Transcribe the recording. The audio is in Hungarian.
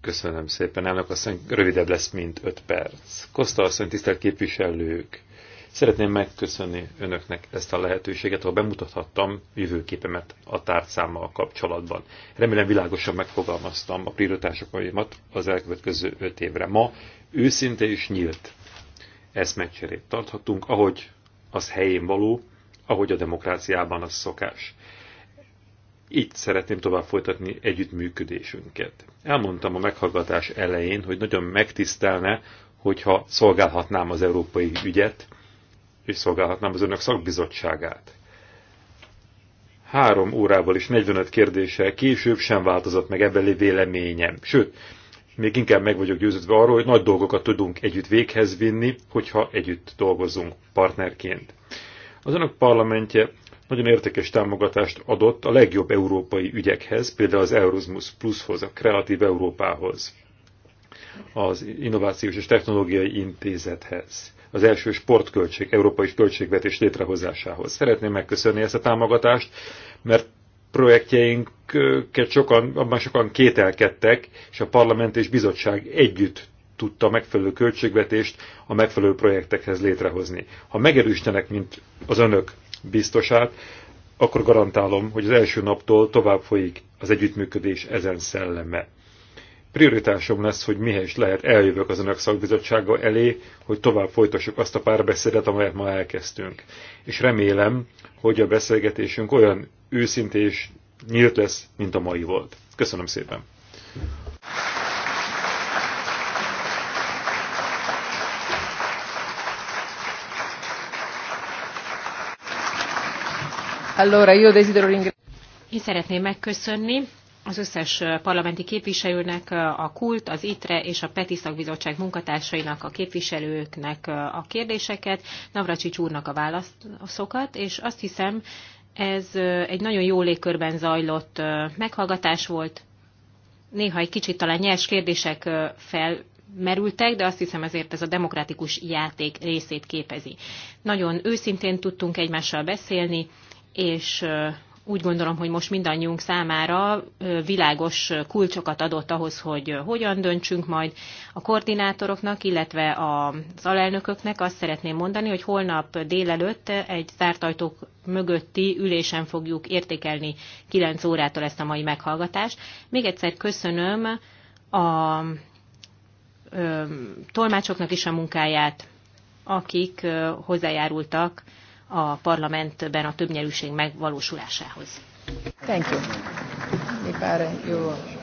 Köszönöm szépen, elnök asszony, rövidebb lesz, mint 5 perc. Kosta asszony, tisztelt képviselők, szeretném megköszönni önöknek ezt a lehetőséget, ahol bemutathattam jövőképemet a tárcámmal kapcsolatban. Remélem világosan megfogalmaztam a prioritásokat az elkövetkező 5 évre. Ma őszinte és nyílt eszmecserét tarthatunk, ahogy az helyén való, ahogy a demokráciában az szokás itt szeretném tovább folytatni együttműködésünket. Elmondtam a meghallgatás elején, hogy nagyon megtisztelne, hogyha szolgálhatnám az európai ügyet, és szolgálhatnám az önök szakbizottságát. Három órával és 45 kérdéssel később sem változott meg ebbeli véleményem. Sőt, még inkább meg vagyok győződve arról, hogy nagy dolgokat tudunk együtt véghez vinni, hogyha együtt dolgozunk partnerként. Az önök parlamentje nagyon értékes támogatást adott a legjobb európai ügyekhez, például az Erasmus Plushoz, a Kreatív Európához, az Innovációs és Technológiai Intézethez, az első sportköltség, európai költségvetés létrehozásához. Szeretném megköszönni ezt a támogatást, mert projektjeinket sokan, abban sokan kételkedtek, és a parlament és bizottság együtt tudta a megfelelő költségvetést a megfelelő projektekhez létrehozni. Ha megerősítenek, mint az önök biztosát, akkor garantálom, hogy az első naptól tovább folyik az együttműködés ezen szelleme. Prioritásom lesz, hogy mihez lehet eljövök az önök szakbizottsága elé, hogy tovább folytassuk azt a párbeszédet, amelyet ma elkezdtünk. És remélem, hogy a beszélgetésünk olyan őszintés és nyílt lesz, mint a mai volt. Köszönöm szépen! Allora, io desidero ringraziare. Én szeretném megköszönni az összes parlamenti képviselőnek, a KULT, az ITRE és a PETI szakbizottság munkatársainak, a képviselőknek a kérdéseket, Navracsics úrnak a válaszokat, és azt hiszem, ez egy nagyon jó légkörben zajlott meghallgatás volt. Néha egy kicsit talán nyers kérdések fel merültek, de azt hiszem ezért ez a demokratikus játék részét képezi. Nagyon őszintén tudtunk egymással beszélni, és úgy gondolom, hogy most mindannyiunk számára világos kulcsokat adott ahhoz, hogy hogyan döntsünk majd a koordinátoroknak, illetve az alelnököknek. Azt szeretném mondani, hogy holnap délelőtt egy zárt ajtók mögötti ülésen fogjuk értékelni 9 órától ezt a mai meghallgatást. Még egyszer köszönöm a tolmácsoknak is a munkáját, akik hozzájárultak a parlamentben a többnyelűség megvalósulásához. Thank you. Mi pár jó.